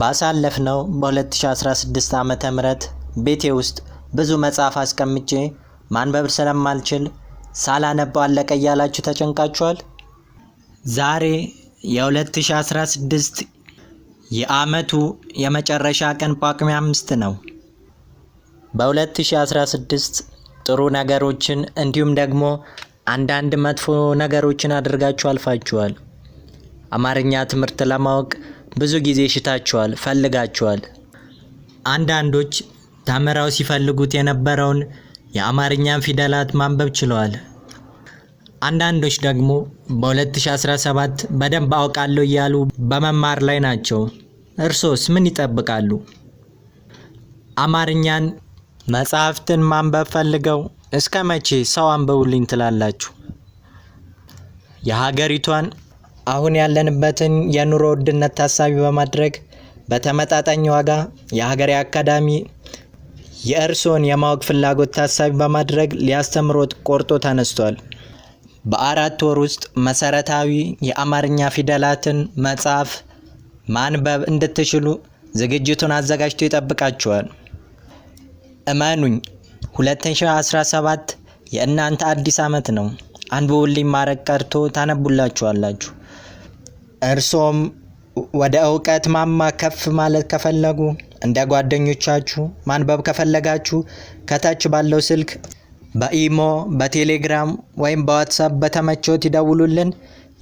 ባሳለፍነው በ2016 ዓ ም ቤቴ ውስጥ ብዙ መጽሐፍ አስቀምጬ ማንበብ ስለማልችል ሳላነበው አለቀ እያላችሁ ተጨንቃችኋል። ዛሬ የ2016 የዓመቱ የመጨረሻ ቀን ጳጉሜ አምስት ነው። በ2016 ጥሩ ነገሮችን እንዲሁም ደግሞ አንዳንድ መጥፎ ነገሮችን አድርጋችሁ አልፋችኋል። አማርኛ ትምህርት ለማወቅ ብዙ ጊዜ ሽታችኋል፣ ፈልጋችኋል። አንዳንዶች ተምረው ሲፈልጉት የነበረውን የአማርኛን ፊደላት ማንበብ ችለዋል። አንዳንዶች ደግሞ በ2017 በደንብ አውቃለሁ እያሉ በመማር ላይ ናቸው። እርሶስ ምን ይጠብቃሉ? አማርኛን መጽሐፍትን ማንበብ ፈልገው እስከ መቼ ሰው አንብቡልኝ ትላላችሁ? የሀገሪቷን አሁን ያለንበትን የኑሮ ውድነት ታሳቢ በማድረግ በተመጣጣኝ ዋጋ የሀገሬ አካዳሚ የእርስዎን የማወቅ ፍላጎት ታሳቢ በማድረግ ሊያስተምሮት ቆርጦ ተነስቷል። በአራት ወር ውስጥ መሰረታዊ የአማርኛ ፊደላትን መጻፍ፣ ማንበብ እንድትችሉ ዝግጅቱን አዘጋጅቶ ይጠብቃችኋል። እመኑኝ 2017 የእናንተ አዲስ ዓመት ነው። አንብቡልኝ ማዕረግ ቀርቶ ታነቡላችኋላችሁ። እርሶም ወደ እውቀት ማማ ከፍ ማለት ከፈለጉ እንደ ጓደኞቻችሁ ማንበብ ከፈለጋችሁ ከታች ባለው ስልክ በኢሞ፣ በቴሌግራም ወይም በዋትሳፕ በተመቾት ይደውሉልን።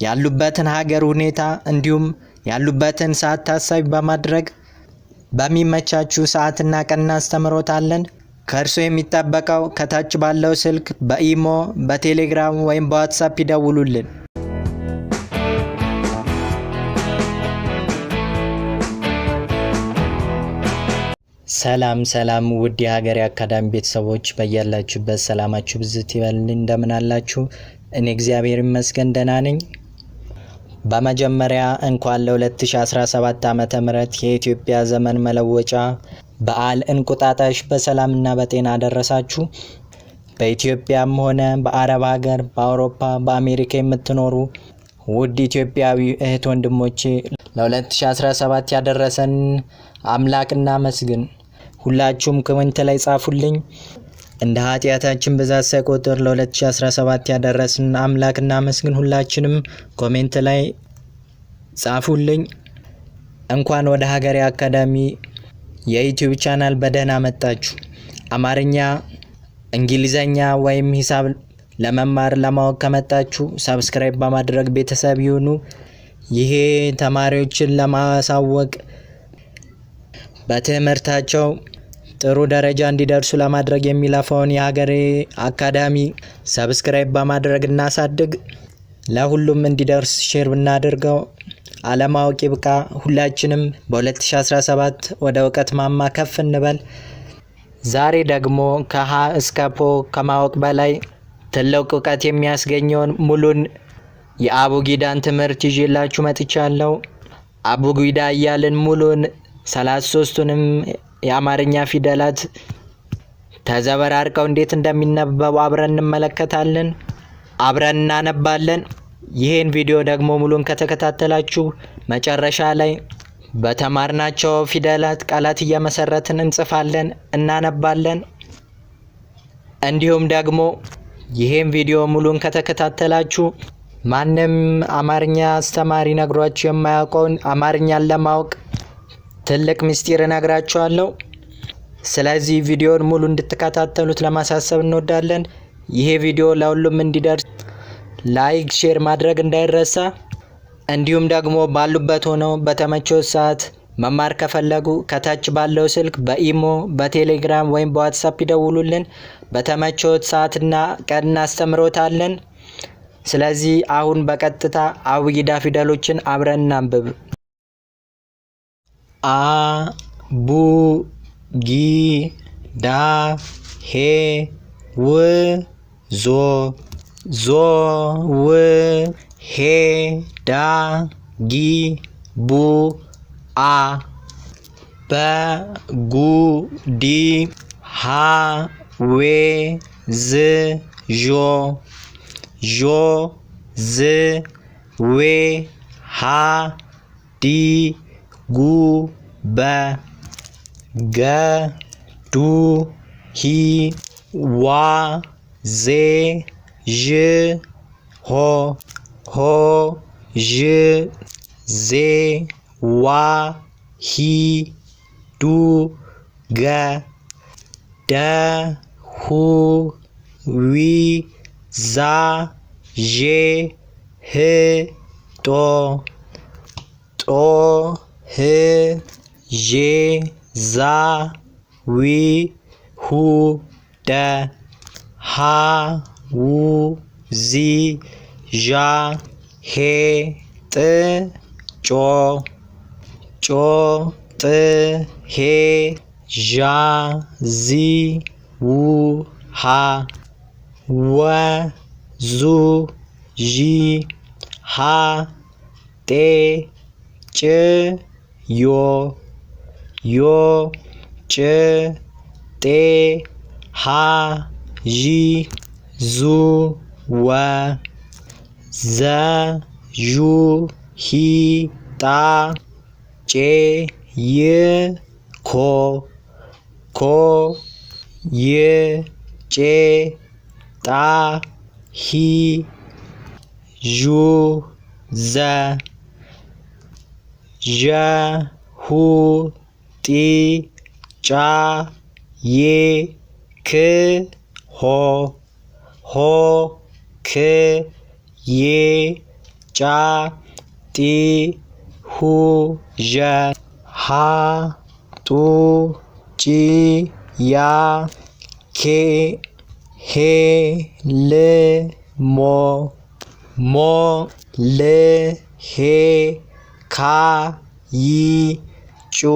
ያሉበትን ሀገር ሁኔታ እንዲሁም ያሉበትን ሰዓት ታሳቢ በማድረግ በሚመቻችሁ ሰዓትና ቀን እናስተምሮታለን። ከእርሶ የሚጠበቀው ከታች ባለው ስልክ በኢሞ፣ በቴሌግራም ወይም በዋትሳፕ ይደውሉልን። ሰላም ሰላም ውድ የሀገር አካዳሚ ቤተሰቦች በያላችሁበት ሰላማችሁ ብዝት ይበልን። እንደምን አላችሁ? እኔ እግዚአብሔር ይመስገን ደህና ነኝ። በመጀመሪያ እንኳን ለ2017 ዓ ም የኢትዮጵያ ዘመን መለወጫ በዓል እንቁጣጣሽ በሰላምና በጤና አደረሳችሁ። በኢትዮጵያም ሆነ በአረብ ሀገር፣ በአውሮፓ፣ በአሜሪካ የምትኖሩ ውድ ኢትዮጵያዊ እህት ወንድሞቼ ለ2017 ያደረሰን አምላክ እናመስግን። ሁላችሁም ኮሜንት ላይ ጻፉልኝ። እንደ ኃጢአታችን ብዛት ሳይቆጥር ለ2017 ያደረስን አምላክ እናመስግን። ሁላችንም ኮሜንት ላይ ጻፉልኝ። እንኳን ወደ ሀገሬ አካዳሚ የዩቲዩብ ቻናል በደህና መጣችሁ። አማርኛ፣ እንግሊዘኛ ወይም ሂሳብ ለመማር ለማወቅ ከመጣችሁ ሰብስክራይብ በማድረግ ቤተሰብ ይሁኑ። ይሄ ተማሪዎችን ለማሳወቅ በትምህርታቸው ጥሩ ደረጃ እንዲደርሱ ለማድረግ የሚለፋውን የሀገሬ አካዳሚ ሰብስክራይብ በማድረግ እናሳድግ። ለሁሉም እንዲደርስ ሼር ብናደርገው። አለማወቅ ይብቃ። ሁላችንም በ2017 ወደ እውቀት ማማ ከፍ እንበል። ዛሬ ደግሞ ከሀ እስከ ፖ ከማወቅ በላይ ትልቅ እውቀት የሚያስገኘውን ሙሉን የአቡጊዳን ትምህርት ይዤላችሁ መጥቻለሁ። አቡጊዳ እያልን ሙሉን ሰላሳ ሶስቱንም የአማርኛ ፊደላት ተዘበራርቀው እንዴት እንደሚነበቡ አብረን እንመለከታለን፣ አብረን እናነባለን። ይህን ቪዲዮ ደግሞ ሙሉን ከተከታተላችሁ መጨረሻ ላይ በተማርናቸው ፊደላት ቃላት እየመሰረትን እንጽፋለን፣ እናነባለን። እንዲሁም ደግሞ ይህን ቪዲዮ ሙሉን ከተከታተላችሁ ማንም አማርኛ አስተማሪ ነግሯችሁ የማያውቀውን አማርኛን ለማወቅ ትልቅ ምስጢር እነግራችኋለሁ። ስለዚህ ቪዲዮን ሙሉ እንድትከታተሉት ለማሳሰብ እንወዳለን። ይሄ ቪዲዮ ለሁሉም እንዲደርስ ላይክ፣ ሼር ማድረግ እንዳይረሳ። እንዲሁም ደግሞ ባሉበት ሆነው በተመቸው ሰዓት መማር ከፈለጉ ከታች ባለው ስልክ በኢሞ በቴሌግራም ወይም በዋትሳፕ ይደውሉልን። በተመቾት ሰዓትና ቀን እናስተምሮታለን። ስለዚህ አሁን በቀጥታ አብይ ፊደሎችን አብረን እናንብብ። a bu gi da he w zo zo w he da gi bu a ba gu di ha we z jo jo z we ha di ጉ በ ገ ዱ ሂ ዋ ዜ ዥ ሆ ሆ ዥ ዜ ዋ ሂ ዱ ገ ደ ሁ ዊ ዛ ዤ ህ ጦ ጦ ህ ዤ ዛ ዊ ሁ ደ ሃ ው ዚ ዣ ሄ ጥ ጮ ጮ ጥ ሄ ዣ ዚ ው ሃ ወ ዙ ዢ ሃ ጤ ጭ yo, yo, ch, te, ha, ji, zu, wa, za, ju, hi, ta, che, ye, ko, ko, ye, che, ta, hi, ju, za. ዠ፣ ሁ፣ ጢ፣ ጫ፣ ዬ፣ ክ፣ ሆ፣ ሆ፣ ክ፣ ዬ፣ ጫ፣ ጢ፣ ሁ፣ ዠ፣ ሐ፣ ጡ፣ ጪ፣ ያ፣ ኬ፣ ሄ፣ ል፣ ሞ፣ ሞ፣ ል፣ ሄ खा ई चो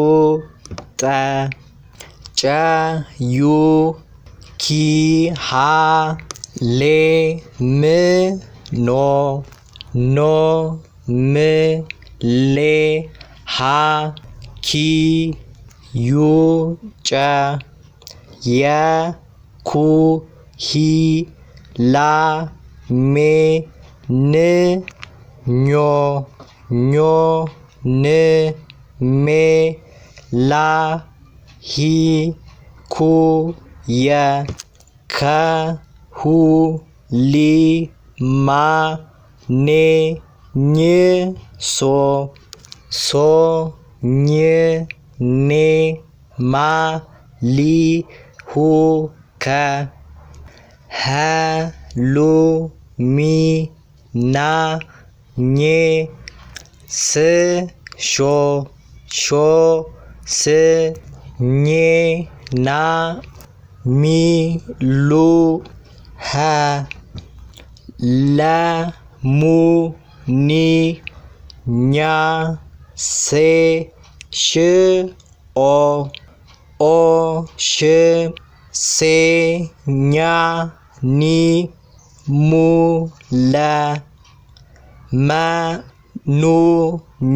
त च यू खी हा ले मे नो नो मे ले हा खी यू च या खु ही ला मे ने न्यो ኞ ን ሜ ላ ሂ ኩ የ ከ ሁ ሊ ማ ኔ ኝ ሶ ሶ ኝ ኔ ማ ሊ ሁ ከ ኸ ሉ ሚ ና ኜ ስ ሾ ሾ ስ ኜ ና ሚ ሉ ሀ ለ ሙ ኒ ኛ ሴ ሽ ኦ ኦ ሽ ሴ ኛ ኒ ሙ ለ መ ኑ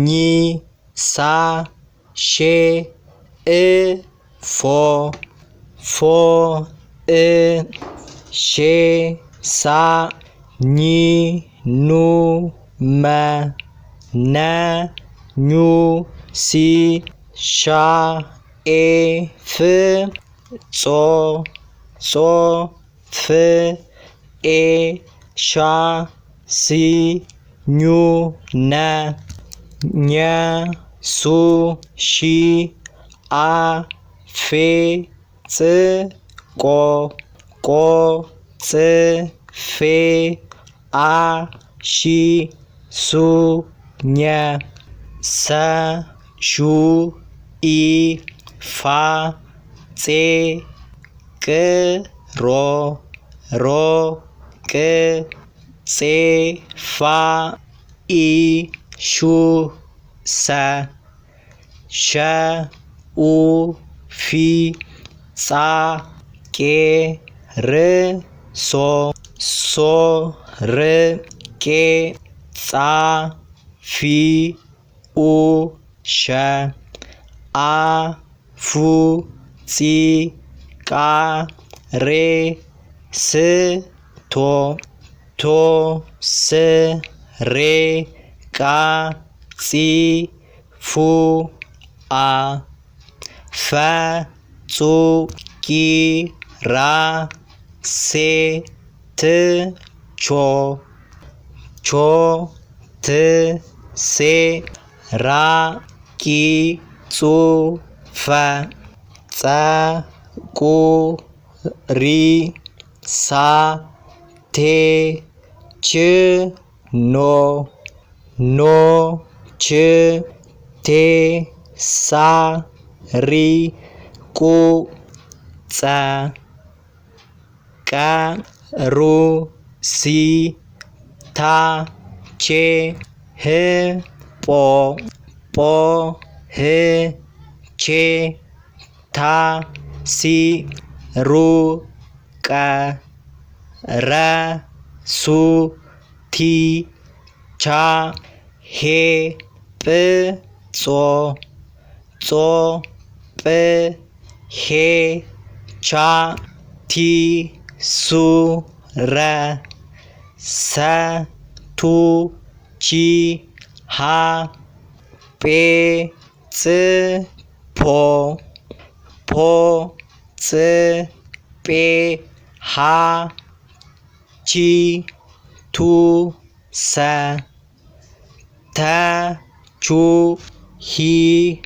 ኝ ሳ ሼ እ ፎ ፎ እ ሼ ሳ ኚ ኑ መ ነ ኙ ሲ ሻ ኤ ፍ ጾ ጾ ፍ ኤ ሻ ሲ ኙ ነ ኘ ሱ ሺ አ ፌ ጽ ቆ ቆ ፅ ፌ አ ሺ ሱ ኘ ሰ ሹ ኢ ፋ ፄ ቅ ሮ ሮ ቅ ፄ ፋ ኢ ሹ ሰ ሸ ኡ ፊ ጻ ቄ ር ሶ ሶ ር ቄ ጻ ፊ ኡ ሸ አ ፉ ፂ ቃ ሬ ስ ቶ ቶ ስ ሬ ቃ ጺ ፉ አ ፈ ጹ ቂ ራ ሴ ት ቾ ቾ ት ሴ ራ ቂ ጹ ፈ ጸ ቁ ሪ ሳ ቴ ች ኖ ኖ ች ቴ ሳ ሪ ቁ ጸ ቀ ሩ ሲ ታ ቼ ህ ጶ ጶ ህ ቼ ታ ሲ ሩ ቀ ረ ሱ ቲ ቻ ሄ ጵ ጾ ጾ ጵ ሄ ቻ ቲ ሱ ረ ሰ ቱ ቺ ሃ ጴ ፅ ፖ ፖ ፅ ጴ ሃ 지, 두, 사, 다, 주, 히,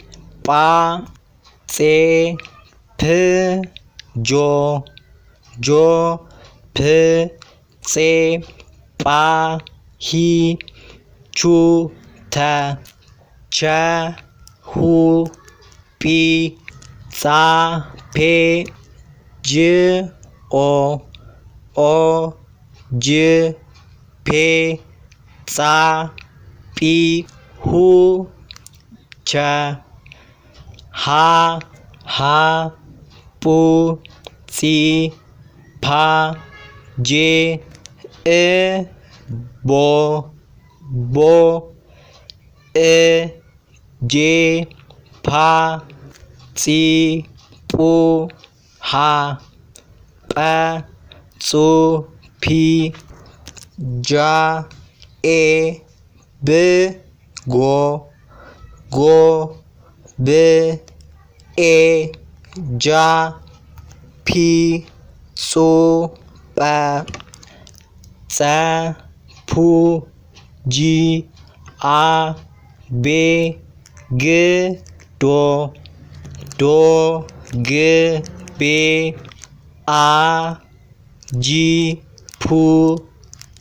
빠, 세, 프, 조, 조, 프, 세, 빠, 히, 주, 다, 자, 후, 비, 사, 배, 지, 오, 오, 어, ጅ ፔ ጻ ጲ ሁ ቸ ሀ ሃ ፑ ጺ ፓ ጄ እ ቦ ቦ እ ጄ ፓ ጺ ጳ ሃ ጰ ጹ ፒ ጃ ኤ ብ ጎ ጎ ብ ኤ ጃ ፒ ጹ ጰ ጸ ፑ ጂ አ ቤ ግ ዶ ዶ ግ ቤ አ ጂ ፑ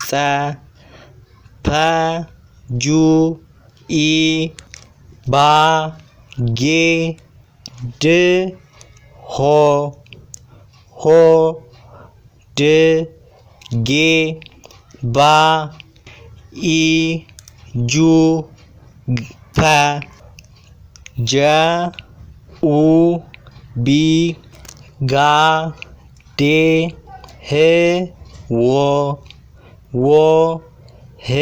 ፀ ፐ ጁ ኢ ባ ጌ ድ ሆ ሆ ድ ጌ ባ ኢ ጁ ፐ ጀ ኡ ቢ ጋ ዴ ህ ወ ዎ ሄ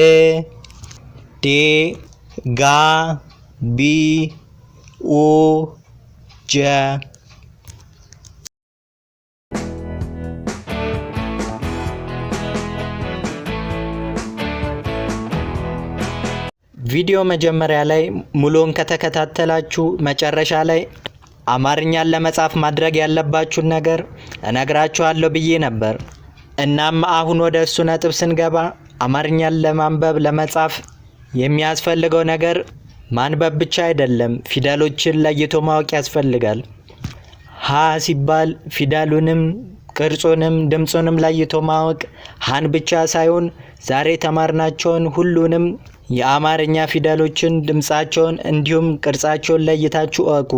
ዴ ጋ ቢ ኡ ጀ ቪዲዮ መጀመሪያ ላይ ሙሉን ከተከታተላችሁ መጨረሻ ላይ አማርኛን ለመጻፍ ማድረግ ያለባችሁን ነገር እነግራችኋለሁ ብዬ ነበር። እናም አሁን ወደ እሱ ነጥብ ስንገባ አማርኛን ለማንበብ ለመጻፍ የሚያስፈልገው ነገር ማንበብ ብቻ አይደለም፣ ፊደሎችን ለይቶ ማወቅ ያስፈልጋል። ሀ ሲባል ፊደሉንም ቅርጹንም ድምፁንም ለይቶ ማወቅ ሀን ብቻ ሳይሆን ዛሬ ተማርናቸውን ሁሉንም የአማርኛ ፊደሎችን ድምፃቸውን እንዲሁም ቅርጻቸውን ለይታችሁ እወቁ።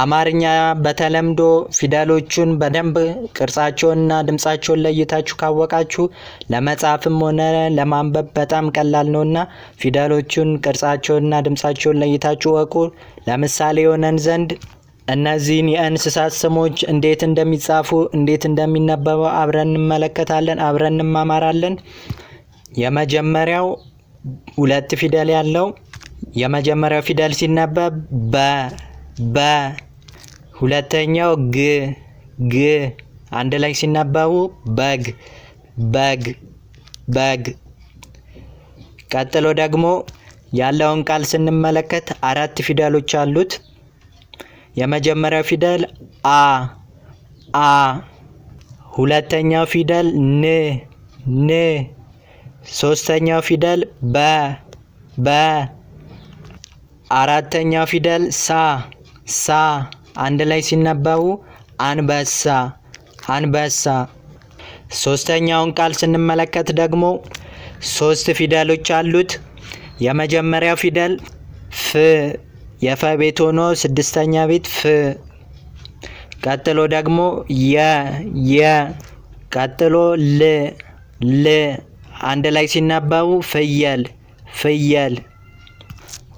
አማርኛ በተለምዶ ፊደሎቹን በደንብ ቅርጻቸውንና ድምጻቸውን ለይታችሁ ካወቃችሁ ለመጻፍም ሆነ ለማንበብ በጣም ቀላል ነውና ፊደሎቹን ቅርጻቸውንና ድምጻቸውን ለይታችሁ ወቁ። ለምሳሌ የሆነን ዘንድ እነዚህን የእንስሳት ስሞች እንዴት እንደሚጻፉ እንዴት እንደሚነበበው አብረን እንመለከታለን፣ አብረን እንማማራለን። የመጀመሪያው ሁለት ፊደል ያለው የመጀመሪያው ፊደል ሲነበብ በ በ ሁለተኛው ግ ግ አንድ ላይ ሲናባቡ በግ በግ በግ። ቀጥሎ ደግሞ ያለውን ቃል ስንመለከት አራት ፊደሎች አሉት። የመጀመሪያው ፊደል አ አ፣ ሁለተኛው ፊደል ን ን፣ ሶስተኛው ፊደል በ በ፣ አራተኛው ፊደል ሳ ሳ አንድ ላይ ሲነበቡ አንበሳ አንበሳ። ሶስተኛውን ቃል ስንመለከት ደግሞ ሶስት ፊደሎች አሉት። የመጀመሪያው ፊደል ፍ የፈ ቤት ሆኖ ስድስተኛ ቤት ፍ። ቀጥሎ ደግሞ የ የ ቀጥሎ ል ል አንድ ላይ ሲነበቡ ፍየል ፍየል።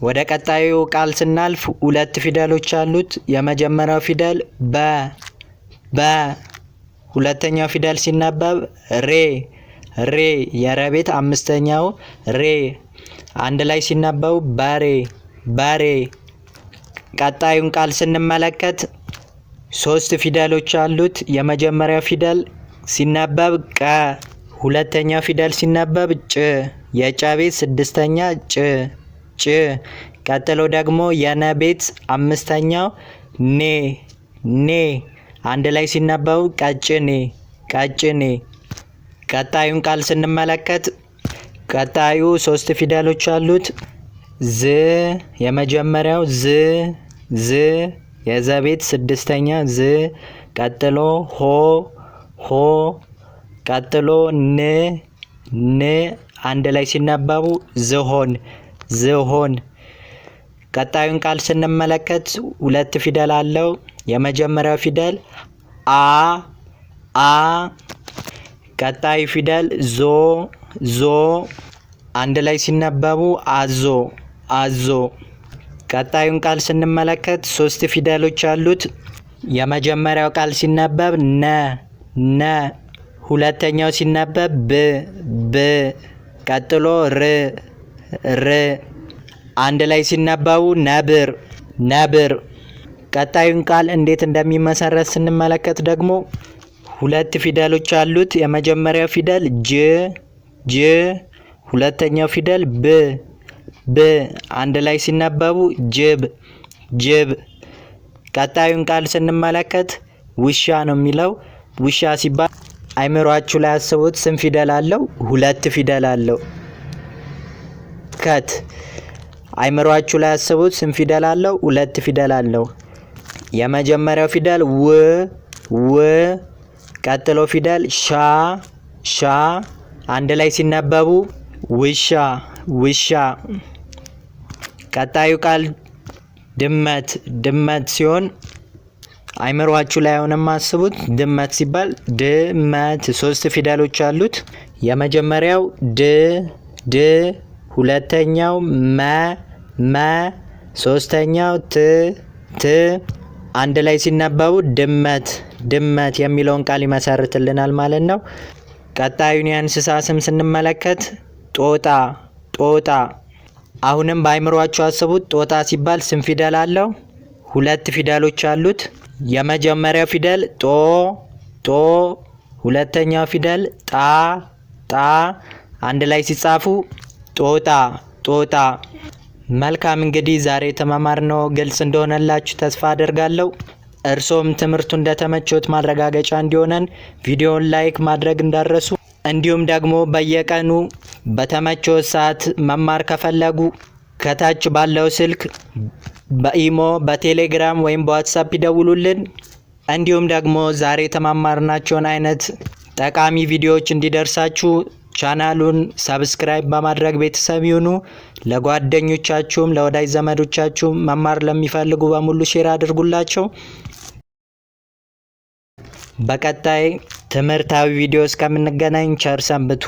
ወደ ቀጣዩ ቃል ስናልፍ ሁለት ፊደሎች አሉት። የመጀመሪያው ፊደል በ በ፣ ሁለተኛው ፊደል ሲነበብ ሬ ሬ፣ የረቤት አምስተኛው ሬ፣ አንድ ላይ ሲነበቡ በሬ በሬ። ቀጣዩን ቃል ስንመለከት ሶስት ፊደሎች አሉት። የመጀመሪያው ፊደል ሲነበብ ቀ፣ ሁለተኛው ፊደል ሲነበብ ጭ፣ የጨቤት ስድስተኛ ጭ ጭ። ቀጥሎ ደግሞ የነ ቤት አምስተኛው ኔ ኔ አንድ ላይ ሲነበቡ ቀጭኔ ቀጭኔ። ቀጣዩን ቃል ስንመለከት ቀጣዩ ሶስት ፊደሎች አሉት። ዝ የመጀመሪያው ዝ ዝ የዘቤት ስድስተኛ ዝ፣ ቀጥሎ ሆ ሆ፣ ቀጥሎ ን ን አንድ ላይ ሲነበቡ ዝሆን ዝሆን። ቀጣዩን ቃል ስንመለከት ሁለት ፊደል አለው። የመጀመሪያው ፊደል አ አ፣ ቀጣዩ ፊደል ዞ ዞ። አንድ ላይ ሲነበቡ አዞ አዞ። ቀጣዩን ቃል ስንመለከት ሶስት ፊደሎች አሉት። የመጀመሪያው ቃል ሲነበብ ነ ነ፣ ሁለተኛው ሲነበብ ብ ብ፣ ቀጥሎ ር ር አንድ ላይ ሲነበቡ ነብር ነብር። ቀጣዩን ቃል እንዴት እንደሚመሰረት ስንመለከት ደግሞ ሁለት ፊደሎች አሉት። የመጀመሪያው ፊደል ጅ ጅ፣ ሁለተኛው ፊደል ብ ብ። አንድ ላይ ሲነበቡ ጅብ ጅብ። ቀጣዩን ቃል ስንመለከት ውሻ ነው የሚለው። ውሻ ሲባል አይምሯችሁ ላይ ያስቡት። ስንት ፊደል አለው? ሁለት ፊደል አለው። ከት አይምሯችሁ ላይ ያስቡት። ስም ፊደል አለው? ሁለት ፊደል አለው። የመጀመሪያው ፊደል ው ው፣ ቀጥሎ ፊደል ሻ ሻ፣ አንድ ላይ ሲነበቡ ውሻ ውሻ። ቀጣዩ ቃል ድመት ድመት ሲሆን አይምሯችሁ ላይ አሁንም አስቡት። ድመት ሲባል ድመት ሶስት ፊደሎች አሉት። የመጀመሪያው ድ ድ ሁለተኛው መ መ ሶስተኛው ት ት አንድ ላይ ሲነበቡ ድመት ድመት የሚለውን ቃል ይመሰርትልናል ማለት ነው። ቀጣዩን የእንስሳ ስም ስንመለከት ጦጣ ጦጣ። አሁንም በአይምሯችሁ አስቡት። ጦጣ ሲባል ስም ፊደል አለው። ሁለት ፊደሎች አሉት። የመጀመሪያው ፊደል ጦ ጦ፣ ሁለተኛው ፊደል ጣ ጣ። አንድ ላይ ሲጻፉ ጦጣ ጦጣ መልካም እንግዲህ ዛሬ የተማማርነው ግልጽ እንደሆነላችሁ ተስፋ አደርጋለሁ። እርሶም ትምህርቱ እንደተመቾት ማረጋገጫ እንዲሆነን ቪዲዮውን ላይክ ማድረግ እንዳረሱ፣ እንዲሁም ደግሞ በየቀኑ በተመቾት ሰዓት መማር ከፈለጉ ከታች ባለው ስልክ በኢሞ በቴሌግራም ወይም በዋትሳፕ ይደውሉልን። እንዲሁም ደግሞ ዛሬ የተማማርናቸውን አይነት ጠቃሚ ቪዲዮዎች እንዲደርሳችሁ ቻናሉን ሰብስክራይብ በማድረግ ቤተሰብ ይሁኑ። ለጓደኞቻችሁም ለወዳጅ ዘመዶቻችሁም መማር ለሚፈልጉ በሙሉ ሼር አድርጉላቸው። በቀጣይ ትምህርታዊ ቪዲዮ እስከምንገናኝ ቸር ሰንብቱ።